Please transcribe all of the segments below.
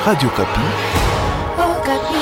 Radio Kapi. Oh, Kapi.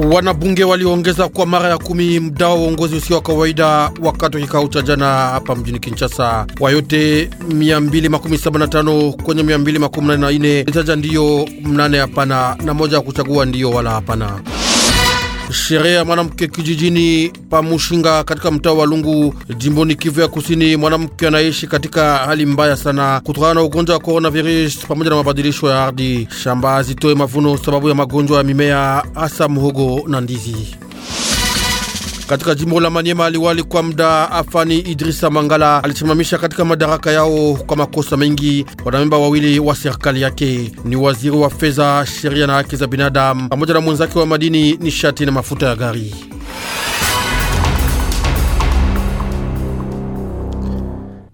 Wanabunge waliongeza kwa mara ya kumi muda wa uongozi usio wa kawaida wakati wa kikao cha jana hapa mjini Kinshasa. Kwa yote 275 kwenye 284 litaja ndiyo, mnane hapana na moja ya kuchagua ndiyo wala hapana. Sherehe ya mwanamke kijijini Pamushinga katika mtaa wa Lungu jimboni Kivu ya Kusini, mwanamke anaishi katika hali mbaya sana kutokana na ugonjwa wa coronavirus pamoja na mabadilisho ya ardhi. Shamba hazitoe mavuno sababu ya magonjwa ya mimea hasa muhogo na ndizi. Katika jimbo la Manyema, aliwali kwa muda afani Idrisa Mangala alisimamisha katika madaraka yao kwa makosa mengi wanamemba wawili wa serikali yake, ni waziri wa fedha, sheria na haki za binadamu pamoja na mwenzake wa madini, nishati na mafuta ya gari.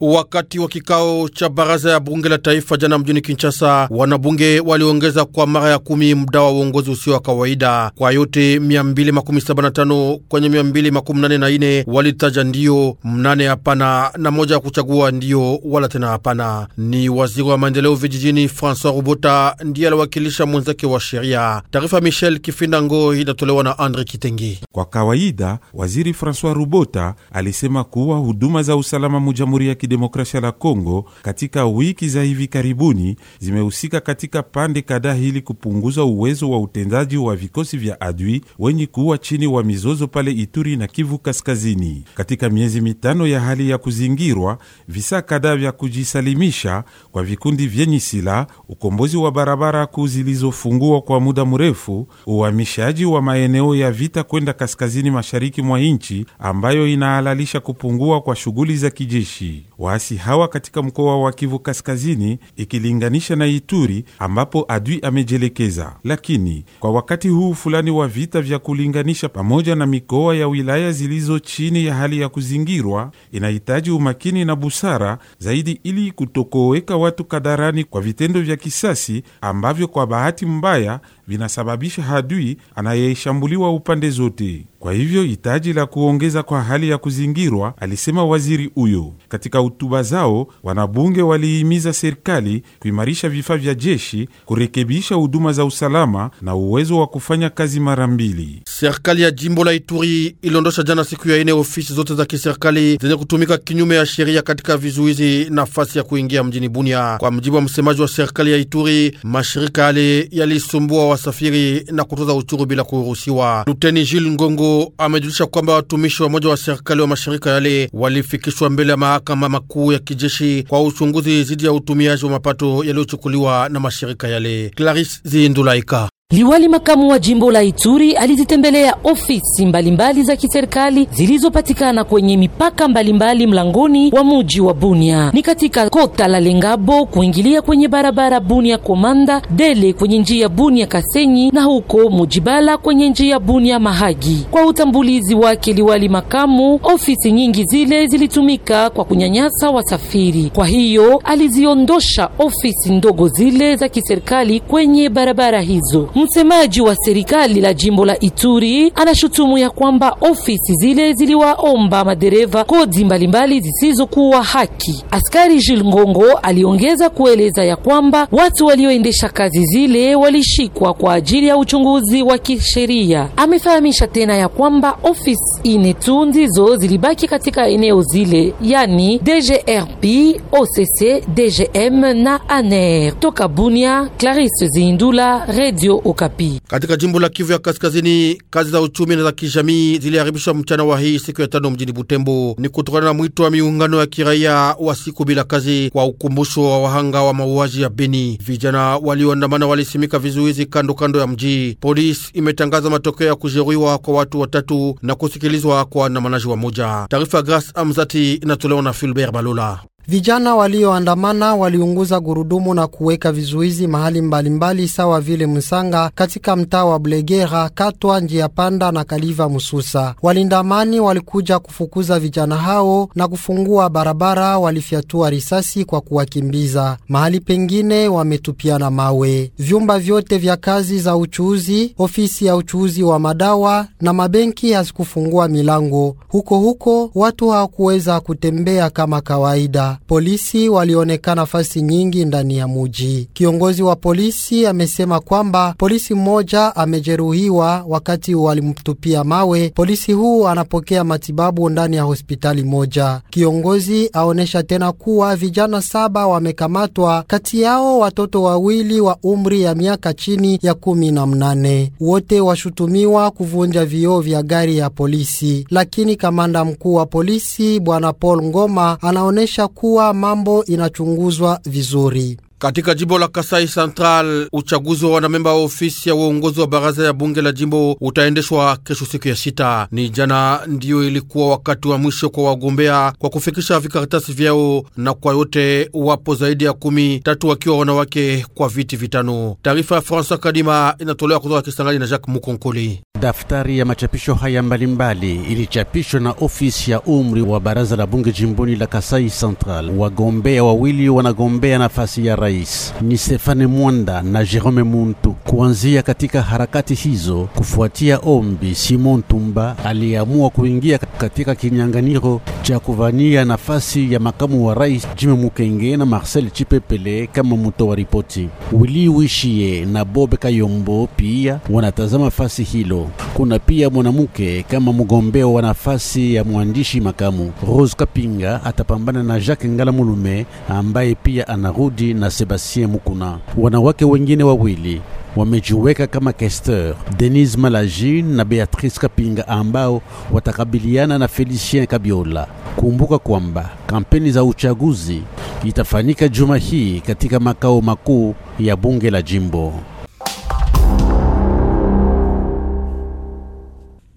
Wakati wa kikao cha baraza ya bunge la taifa jana mjini Kinshasa, wanabunge waliongeza kwa mara ya kumi muda wa uongozi usio wa kawaida kwa yote 275 kwenye 284 walitaja ndiyo, mnane hapana na moja ya kuchagua ndiyo wala tena hapana. Ni waziri wa maendeleo vijijini Francois Rubota ndiye aliwakilisha mwenzake wa sheria. Taarifa Michel Kifindango inatolewa na Andre Kitengi. Kwa kawaida waziri Francois Rubota alisema kuwa huduma za usalama mujamhuri ya kidemokrasia la Kongo katika wiki za hivi karibuni zimehusika katika pande kadhaa ili kupunguza uwezo wa utendaji wa vikosi vya adui wenye kuwa chini wa mizozo pale Ituri na Kivu Kaskazini. Katika miezi mitano ya hali ya kuzingirwa, visa kadhaa vya kujisalimisha kwa vikundi vyenye silaha, ukombozi wa barabara kuu zilizofungua kwa muda mrefu, uhamishaji wa maeneo ya vita kwenda kaskazini mashariki mwa nchi ambayo inahalalisha kupungua kwa shughuli za kijeshi. Waasi hawa katika mkoa wa Kivu Kaskazini ikilinganisha na Ituri ambapo adui amejielekeza, lakini kwa wakati huu fulani wa vita vya kulinganisha pamoja na mikoa ya wilaya zilizo chini ya hali ya kuzingirwa inahitaji umakini na busara zaidi ili kutokoweka watu kadharani kwa vitendo vya kisasi ambavyo kwa bahati mbaya vinasababisha hadui anayeshambuliwa upande zote. Kwa hivyo hitaji la kuongeza kwa hali ya kuzingirwa, alisema waziri huyo. Katika hotuba zao, wanabunge walihimiza serikali kuimarisha vifaa vya jeshi, kurekebisha huduma za usalama na uwezo wa kufanya kazi mara mbili. Serikali ya jimbo la Ituri iliondosha jana siku ya ine ofisi zote za kiserikali zenye kutumika kinyume ya sheria katika vizuizi nafasi ya kuingia mjini Bunia. Kwa mjibu wa msemaji wa serikali ya Ituri, mashirika yale yalisumbua wasafiri na kutoza uchuru bila kuruhusiwa. Luteni Jil Ngongo amejulisha kwamba watumishi wa moja wa serikali wa mashirika yale walifikishwa mbele ya mahakama makuu ya kijeshi kwa uchunguzi dhidi ya utumiaji wa mapato yaliyochukuliwa na mashirika yale. Claris Zindulaika Liwali makamu wa jimbo la Ituri alizitembelea ofisi mbalimbali za kiserikali zilizopatikana kwenye mipaka mbalimbali mlangoni wa muji wa Bunia, ni katika kota la Lengabo kuingilia kwenye barabara Bunia Komanda Dele kwenye njia Bunia Kasenyi na huko Mujibala kwenye njia Bunia Mahagi. Kwa utambulizi wake liwali makamu, ofisi nyingi zile zilitumika kwa kunyanyasa wasafiri, kwa hiyo aliziondosha ofisi ndogo zile za kiserikali kwenye barabara hizo. Msemaji wa serikali la jimbo la Ituri anashutumu ya kwamba ofisi zile ziliwaomba madereva kodi mbalimbali zisizokuwa haki. Askari Jules Ngongo aliongeza kueleza ya kwamba watu walioendesha kazi zile walishikwa kwa ajili ya uchunguzi wa kisheria. Amefahamisha tena ya kwamba ofisi ine tu ndizo zilibaki katika eneo zile, yani DGRP, OCC, DGM na ANER. Toka Bunia, Clarisse Zindula, Radio Okapi. Katika jimbo la Kivu ya Kaskazini, kazi za uchumi na za kijamii ziliharibishwa mchana wa hii siku ya tano mjini Butembo. Ni kutokana na mwito wa miungano ya kiraia wa siku bila kazi kwa ukumbusho wa wahanga wa mauaji ya Beni. Vijana walioandamana walisimika vizuizi kando kando ya mji. Polisi imetangaza matokeo ya kujeruhiwa kwa watu watatu na kusikilizwa kwa andamanaji wa moja. Taarifa Gras Amzati inatolewa na Filbert Balola. Vijana walioandamana waliunguza gurudumu na kuweka vizuizi mahali mbalimbali sawa vile Msanga katika mtaa wa Blegera, Katwa, njia panda na Kaliva Mususa. Walinda amani walikuja kufukuza vijana hao na kufungua barabara, walifyatua risasi kwa kuwakimbiza. Mahali pengine wametupiana mawe. Vyumba vyote vya kazi za uchuuzi, ofisi ya uchuuzi wa madawa na mabenki hazikufungua milango. Huko huko watu hawakuweza kutembea kama kawaida polisi walionekana fasi nyingi ndani ya muji. Kiongozi wa polisi amesema kwamba polisi mmoja amejeruhiwa wakati walimtupia mawe. Polisi huu anapokea matibabu ndani ya hospitali moja. Kiongozi aonyesha tena kuwa vijana saba wamekamatwa, kati yao watoto wawili wa umri ya miaka chini ya kumi na mnane. Wote washutumiwa kuvunja vioo vya gari ya polisi, lakini kamanda mkuu wa polisi bwana Paul Ngoma anaonesha kuwa kuwa mambo inachunguzwa vizuri. Katika jimbo la Kasai Central, uchaguzi wa wanamemba wa ofisi ya uongozi wa baraza ya bunge la jimbo utaendeshwa kesho siku ya sita. Ni jana ndiyo ilikuwa wakati wa mwisho kwa wagombea kwa kufikisha vikaratasi vyao, na kwa yote wapo zaidi ya kumi, tatu wakiwa wanawake kwa viti vitano. Taarifa ya Francois Kadima inatolewa kutoka Kisangani na Jacques Mukonkoli. Daftari ya machapisho haya mbalimbali ilichapishwa na ofisi ya umri wa baraza la bunge jimboni la Kasai Central. Wagombea wawili wanagombea nafasi ya rais ni Stefane Mwanda na Jerome Muntu kuanzia katika harakati hizo. Kufuatia ombi, Simon Tumba aliamua kuingia katika kinyang'anyiro cha kuvania nafasi ya makamu wa rais Jimmy Mukenge na Marcel Chipepele kama wa ripoti. wili wishie na Bob Kayombo pia wanatazama fasi hilo. Kuna pia mwanamke kama mgombea wa nafasi ya mwandishi makamu. Rose Kapinga atapambana na Jacques Ngala Mulume ambaye pia anarudi na Sebastien Mukuna. Wanawake wengine wawili wamejiweka kama Kester Denise malaji na Beatrice Kapinga ambao watakabiliana na Felicien Kabiola. Kumbuka kwamba kampeni za uchaguzi itafanyika juma hii katika makao makuu ya bunge la jimbo.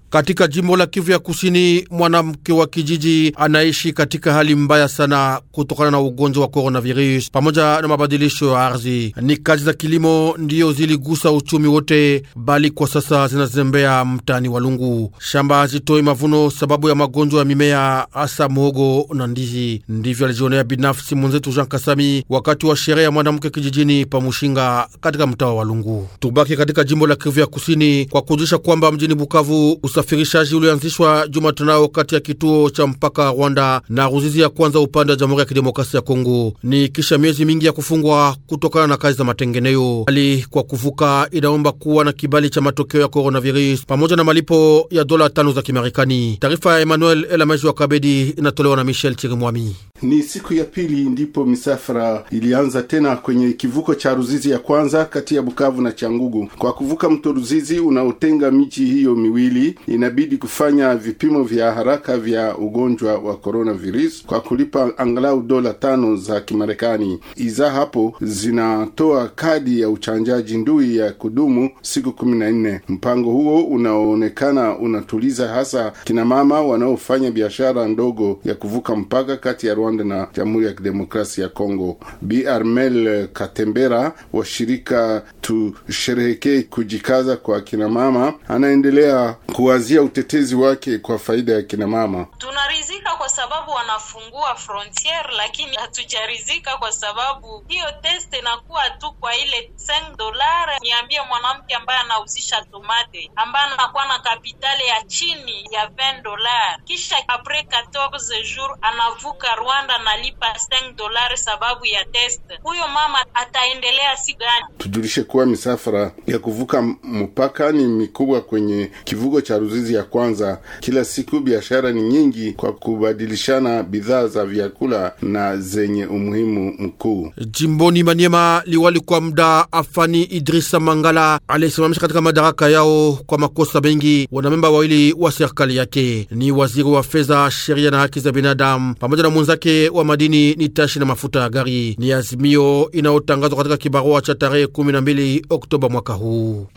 katika jimbo la Kivu ya Kusini, mwanamke wa kijiji anaishi katika hali mbaya sana kutokana na ugonjwa wa coronavirus pamoja na mabadilisho ya ardhi. Ni kazi za kilimo ndiyo ziligusa uchumi wote, bali kwa sasa zinazembea mtaani lungu Shamba hazitoi mavuno sababu ya magonjwa ya mimea, hasa muhogo na ndizi. Ndivyo alijionea binafsi mwenzetu Jean Kasami wakati wa sherehe ya mwanamke kijijini Pamushinga katika mtaa wa Lungu. Tubaki katika jimbo la Kivu ya Kusini kwa kujisha kwamba mjini Bukavu usafirishaji ulianzishwa Jumatanao kati ya kituo cha mpaka Rwanda na Ruzizi ya kwanza upande wa Jamhuri ya Kidemokrasia ya Kongo ni kisha miezi mingi ya kufungwa kutokana na kazi za matengenezo. Hali kwa kuvuka inaomba kuwa na kibali cha matokeo ya coronavirus pamoja na malipo ya dola tano za Kimarekani. Taarifa ya Emmanuel Elamaji wa Kabedi inatolewa na Michel Chirimwami. Ni siku ya pili ndipo misafara ilianza tena kwenye kivuko cha Ruzizi ya kwanza kati ya Bukavu na Changugu. Kwa kuvuka mto Ruzizi unaotenga miji hiyo miwili, inabidi kufanya vipimo vya haraka vya ugonjwa wa coronavirus kwa kulipa angalau dola tano za Kimarekani. Iza hapo zinatoa kadi ya uchanjaji ndui ya kudumu siku kumi na nne. Mpango huo unaonekana unatuliza hasa kinamama wanaofanya biashara ndogo ya kuvuka mpaka kati ya Rwanda Rwanda na Jamhuri ya Kidemokrasia ya Kongo. Bi Armel Katembera wa shirika Tusherehekee Kujikaza kwa Kinamama anaendelea kuwazia utetezi wake kwa faida ya kinamama. Tunarizi sababu wanafungua frontiere, lakini hatujarizika kwa sababu hiyo test inakuwa tu kwa ile 5 dola. Niambie mwanamke ambaye anahusisha tomate ambaye anakuwa na kapitali ya chini ya 20 dola, kisha apres 14 jour anavuka Rwanda analipa 5 dola sababu ya test, huyo mama ataendelea si gani? Tujulishe kuwa misafara ya kuvuka mpaka ni mikubwa kwenye kivugo cha Ruzizi ya kwanza. Kila siku biashara ni nyingi kwa kubadili kubadilishana bidhaa za vyakula na zenye umuhimu mkuu. Jimboni Maniema, liwali kwa muda afani Idrisa Mangala alisimamisha katika madaraka yao kwa makosa mengi wanamemba wawili wa serikali yake, ni waziri wa fedha, sheria na haki za binadamu pamoja na mwenzake wa madini ni tashi na mafuta ya gari. Ni azimio inayotangazwa katika kibarua cha tarehe 12 Oktoba mwaka huu.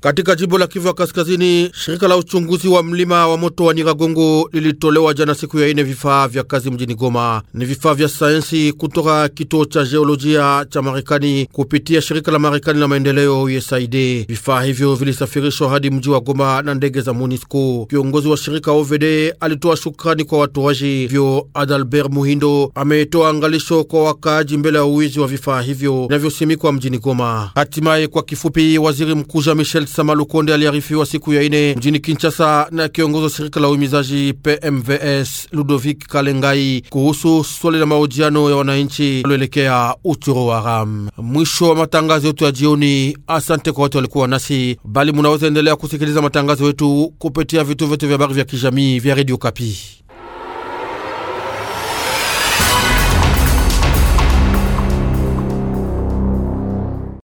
Katika jimbo la Kivu ya Kaskazini, shirika la uchunguzi wa mlima wa moto wa Nyiragongo lilitolewa jana siku ya ine vifaa vya kazi mjini Goma. Ni vifaa vya sayansi kutoka kituo cha jeolojia cha Marekani kupitia shirika la Marekani la maendeleo USAID. Vifaa hivyo vilisafirishwa hadi mji wa Goma na ndege za MONUSCO. Kiongozi wa shirika OVD alitoa shukrani kwa watoaji vyo. Adalbert Muhindo ametoa angalisho kwa wakaaji mbele ya uwizi wa vifaa hivyo vinavyosimikwa mjini Goma. Hatimaye, kwa kifupi, waziri mkuu Jean Michel Samalu Konde aliarifiwa siku ya ine mjini Kinshasa na kiongozi wa shirika la uhimizaji PMVS Ludovic Kalengai kuhusu swali la mahojiano ya wananchi aloelekea uchoro wa ram. Mwisho wa matangazo yetu ya jioni. Asante kwa watu walikuwa nasi, bali munaweza endelea kusikiliza matangazo yetu kupitia vituo vyote vya habari vya kijamii vya Radio Kapi.